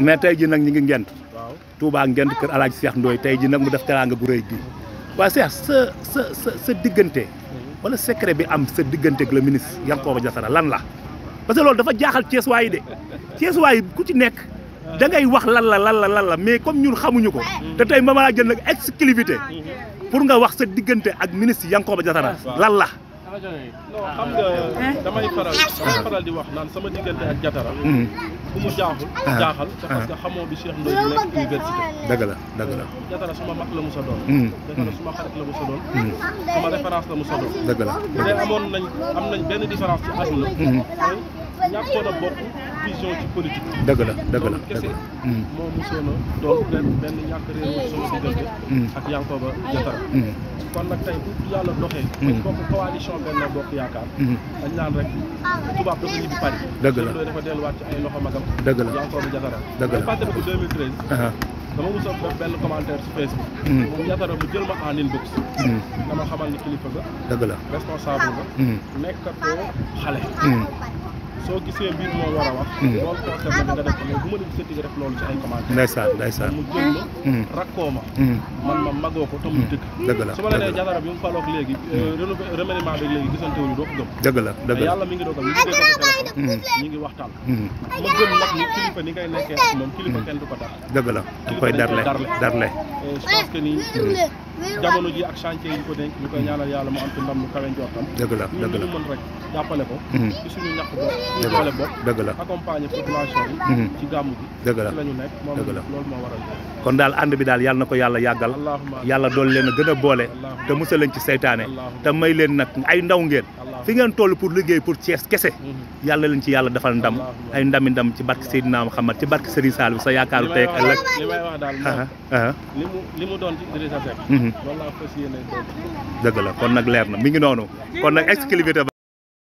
mais tey ji nag ñu ngi ngent Touba ngent kër alaaj Seex Ndooy tey ji nag mu def teraanga gu rëy bii waaye Seex sa sa sa sa diggante wala secret bi am sa diggante ak le ministre ba Diattara lan la parce que loolu dafa jaaxal Cees waay de Cees ku ci nekk da ngay wax lan la lan la lan la mais comme ñun xamuñu ko te tey mama laa jël nag exclusivité pour nga wax sa diggante ak ministre Yankhoba Diattara lan la non xam ah. wax naan sama diggante jatara bu hmm. jaaxul ah. jaaxal te parce que ah. xamoo bi Cheikh Ndoye bi nekk université dëgg la dëgg la jatara sa doon hmm. jatara suma xarit la mu sa doon hmm. suma référence la mu sa doon dëgg la te amoon nañ am ñàkkoon a bokk vision ci politique. dëgg la dëgg la dëgg la mm. moo mosoon a doon benn benn ñàkk réewu suñu ak mm. Yankoba mm. Diattara kon dañ bokk coalition Benno Bokk dafa ñibbi Paris la loolu dafa delluwaat ci ay loxo magam dëgg la Yankoba Diattara dëgg la fàtte dama mos a def benn commentaire su Facebook moom Diattara mu jël ma en inbox dama xamal ni kilifa ga dëgg la responsable ga nekkatoo xale soo gisee mbir moo war a wax. Hmm. loolu tax na nga def loolu bu hmm. hmm. ma la gisati nga def mu jël la. rakkoo ma. magoo ko te mu dëgg. la léegi. Euh, remaniement bi léegi gisante ko dëgg la dëgg la yàlla koy ñu darle darle euh, jamono ji ak chantier yi ko dénk ñu yàlla mu am ci ndam lu kawe njortam dëgg la dëgg la ñu ko mhm. ci suñu ñàkk bopp dëgg la accompagner population mhm. ci gàmmu dëgg la lañu nekk moom loolu moo waral kon daal ànd bi daal yàlla na ko yàlla yàggal yàlla dool leen a gën a boole te musal leen ci seytaane te may leen nag ay ndaw ngeen fi ngeen toll pour liggéey pour Thiès kese mhm. yàlla leen ci yàlla defal ndam ay ndami ndam ci barke Seydina Mouhamed ci barke Serigne Saliou sa yaakaaru tey ak ëllëg li may wax daal li mu li mhm. la kon nag leer na mi ngi noonu kon nag exclusivité